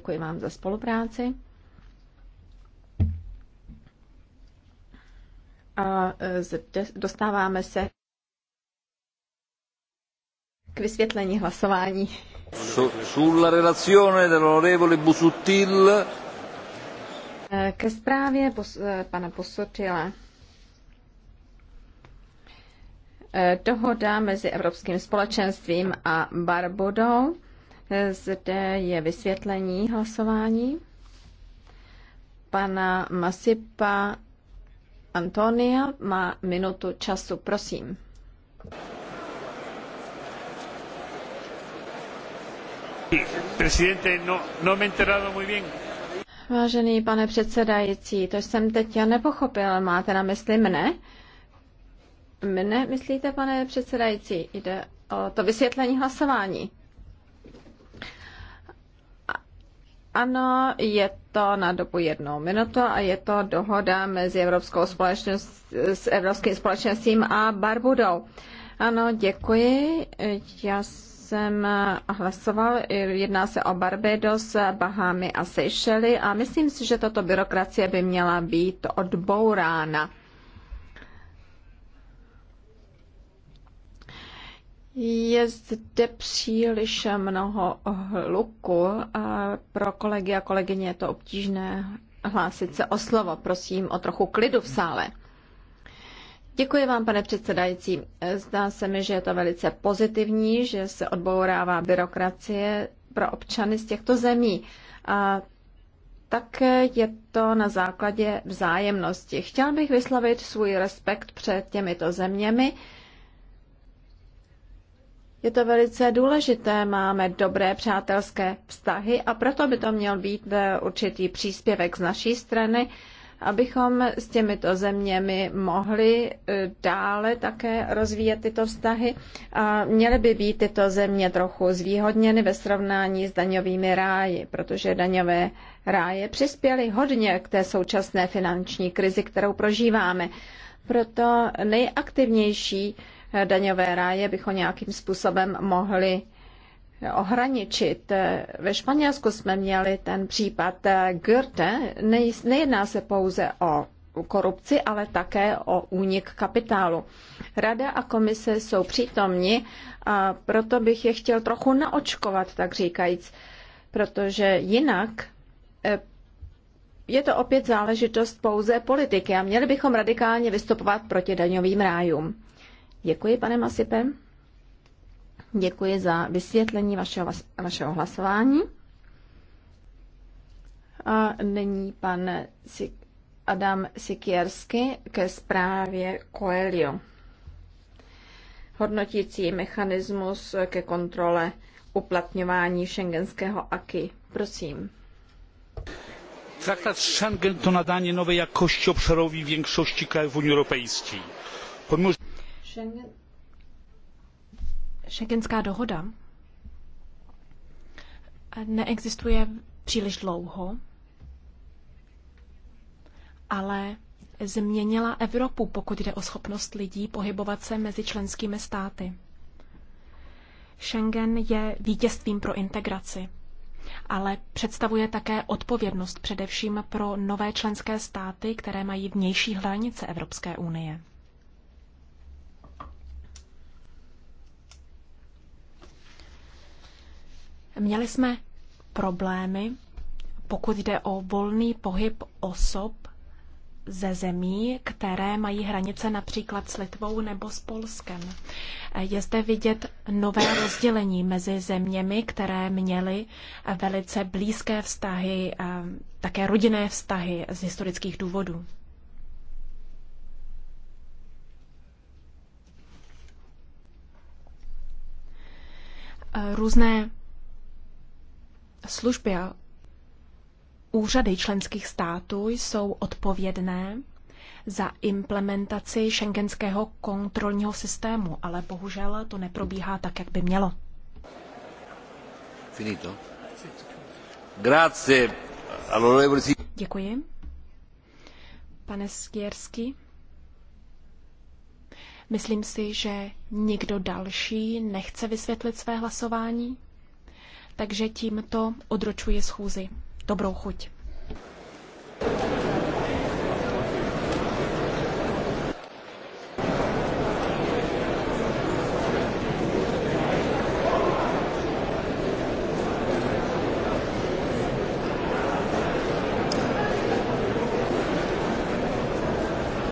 Děkuji vám za spolupráci. A e, zde dostáváme se k vysvětlení hlasování. Sulla relazione dell'onorevole Busuttil. E, ke zprávě e, pana Busutila. Dohoda mezi Evropským společenstvím a Barbodou. Zde je vysvětlení hlasování pana Masipa Antonia. Má minutu času, prosím. Presidente, no, no me enterado muy bien. Vážený pane předsedající, to jsem teď já nepochopil. Máte na mysli mne? Mne myslíte, pane předsedající? Jde o to vysvětlení hlasování. Ano, je to na dobu jednou minutu a je to dohoda mezi Evropskou společností, s Evropským společenstvím a Barbudou. Ano, děkuji. Já jsem hlasoval, jedná se o Barbados, Bahamy a Seychely a myslím si, že tato byrokracie by měla být odbourána. Je zde příliš mnoho hluku a pro kolegy a kolegyně je to obtížné hlásit se o slovo. Prosím o trochu klidu v sále. Děkuji vám, pane předsedající. Zdá se mi, že je to velice pozitivní, že se odbourává byrokracie pro občany z těchto zemí. A tak je to na základě vzájemnosti. Chtěl bych vyslovit svůj respekt před těmito zeměmi, je to velice důležité, máme dobré přátelské vztahy a proto by to měl být eh, určitý příspěvek z naší strany, abychom s těmito zeměmi mohli eh, dále také rozvíjet tyto vztahy a měly by být tyto země trochu zvýhodněny ve srovnání s daňovými ráji, protože daňové ráje přispěly hodně k té současné finanční krizi, kterou prožíváme. Proto nejaktivnější daňové ráje bychom nějakým způsobem mohli ohraničit. Ve Španělsku jsme měli ten případ Goethe. Nejedná se pouze o korupci, ale také o únik kapitálu. Rada a komise jsou přítomni a proto bych je chtěl trochu naočkovat, tak říkajíc, protože jinak eh, je to opět záležitost pouze politiky a měli bychom radikálně vystupovat proti daňovým rájům. Děkuji, pane Masipe. Děkuji za vysvětlení vašeho, vašeho hlasování. A nyní pan Adam Sikiersky ke zprávě Coelho. Hodnotící mechanismus ke kontrole uplatňování šengenského AKI. Prosím. Traktat Schengen to nadání nowej jakości obszarowi większości krajów Unii Europejskiej. Pomimo Schengen, Schengenská dohoda neexistuje příliš dlouho, ale změnila Evropu, pokud jde o schopnost lidí pohybovat se mezi členskými státy. Schengen je vítězstvím pro integraci, ale představuje také odpovědnost především pro nové členské státy, které mají vnější hranice Evropské unie. Měli jsme problémy, pokud jde o volný pohyb osob ze zemí, které mají hranice například s Litvou nebo s Polskem. Je zde vidět nové rozdělení mezi zeměmi, které měly velice blízké vztahy, také rodinné vztahy z historických důvodů. Různé služby a úřady členských států jsou odpovědné za implementaci šengenského kontrolního systému, ale bohužel to neprobíhá tak, jak by mělo. Finito. Grazie. Děkuji. Pane Skiersky, myslím si, že nikdo další nechce vysvětlit své hlasování takže tímto odročuji schůzi. Dobrou chuť.